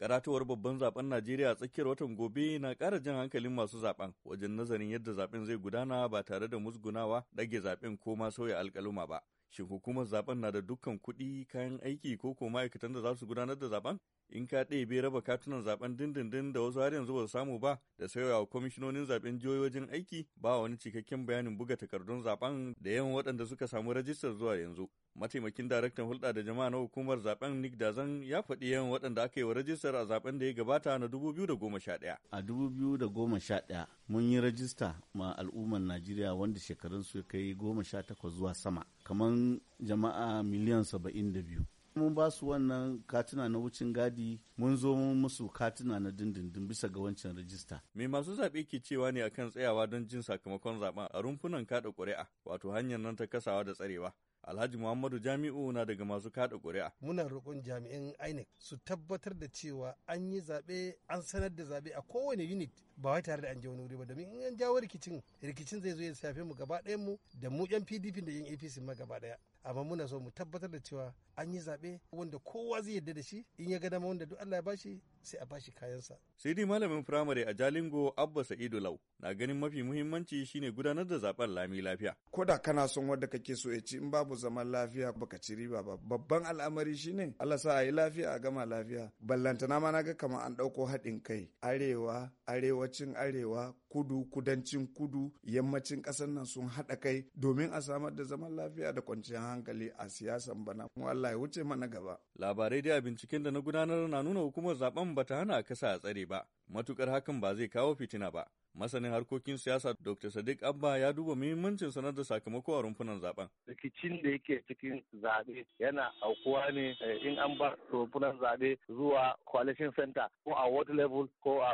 Karatuwar babban zaben Najeriya a tsakiyar watan gobe na ƙara jan hankalin masu zaben wajen nazarin yadda zaben zai gudana ba tare da musgunawa ɗage zaben ko ma sauya alƙaluma ba. Shin hukumar zaben na da dukkan kuɗi kayan aiki ko ko ma'aikatan da za su gudanar da zaben? In ka ɗebe raba katunan zaben dindindin da wasu har yanzu ba su samu ba da sayawa kwamishinonin zaben wajen aiki ba wani cikakken bayanin buga takardun zaben da yawan waɗanda suka samu rajistar zuwa yanzu. Mataimakin daraktan hulɗa da jama'a na hukumar zaben Nick Dazan ya faɗi yawan waɗanda aka yi wa rajistar a zaben da ya gabata na 2011. A 2011 mun yi rajista ma al'ummar najeriya wanda shekarun su kai goma sha takwas zuwa sama kamar jama'a miliyan saba'in da biyu mun ba su wannan katuna na wucin gadi mun zo mun musu katuna na dindindin bisa ga wancan rajista. Me masu zaɓe ke cewa ne akan tsayawa don jin sakamakon zaɓen a rumfunan kaɗa ƙuri'a wato hanyar nan ta kasawa da tsarewa. Alhaji Muhammadu Jami'u na daga masu kada ƙuri'a. Muna roƙon jami'in INEC su tabbatar da cewa an yi zaɓe an sanar da zaɓe a kowane unit ba wai tare da an je wani wuri ba domin in an jawo rikicin rikicin zai zo ya shafe mu gaba ɗayan mu da mu yan PDP da yan APC ma gaba ɗaya. Amma muna so mu tabbatar da cewa an yi zaɓe wanda kowa zai yarda da shi in ya ga dama wanda duk Allah ya bashi sai a bashi kayansa. Sai dai malamin firamare a Jalingo Abba Sa'idu Lau na ganin mafi muhimmanci shine gudanar da zaben lami lafiya. Ko da kana son wanda kake so ya ci in babu zaman lafiya baka ci riba ba babban al'amari shine Allah sa a yi lafiya a gama lafiya. Ballantana ma na ga kamar an ɗauko haɗin kai arewa arewacin arewa kudu kudancin kudu yammacin ƙasar nan sun haɗa kai domin a samar da zaman lafiya da kwanciyar hankali a siyasan bana. Allah ya wuce mana gaba. Labarai dai a binciken da na gudanar na nuna hukumar zaben ba ta hana a kasa a tsare ba, matukar hakan ba zai kawo fitina ba. Masanin harkokin siyasa Dr. Sadiq Abba ya duba muhimmancin sanar da sakamako a rumfunan zaben. Rikicin da yake cikin zaɓe yana aukuwa ne eh, in an ba rumfunan zaɓe zuwa coalition center ko a ward level ko a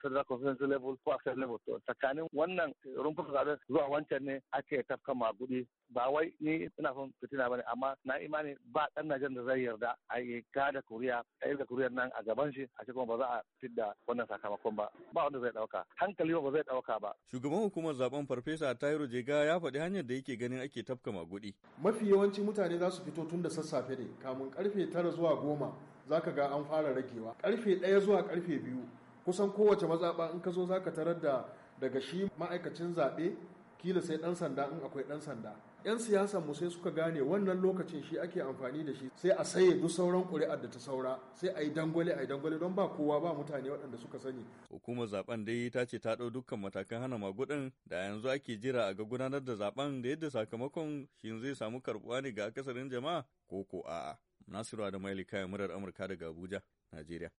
federal constituency level ko a state level to tsakanin wannan rumfunan zaɓen zuwa wancan ne ake tafka ma maguɗi ba wai ni ina son fitina bane amma na imani ba dan najan da zai yarda a yi da Koriya a yi da Koriya nan a gaban shi a kuma ba za a fidda wannan sakamakon ba ba wanda zai dauka hankali ba zai dauka ba shugaban hukumar zaben farfesa tayro Jega ya faɗi hanyar da yake ganin ake tafka magudi mafi yawanci mutane za su fito tun da sassafe ne kamun karfe tara zuwa goma zaka ga an fara ragewa karfe ɗaya zuwa karfe biyu kusan kowace mazaɓa in ka zo za ka tarar da daga shi ma'aikacin zaɓe kila sai ɗan sanda in akwai ɗan sanda yan siyasan mu sai suka gane wannan lokacin shi ake amfani da shi sai a saye duk sauran ƙuri'ar da ta saura sai a yi dangwale a yi dangwale don ba kowa ba mutane waɗanda suka sani hukumar zaben dai ta ce ta ɗau dukkan matakan hana magudin da yanzu ake jira a ga gudanar da zaben da yadda sakamakon shi zai samu karɓuwa ne ga akasarin jama'a ko ko a'a nasiru da maili kayan murar amurka daga abuja najeriya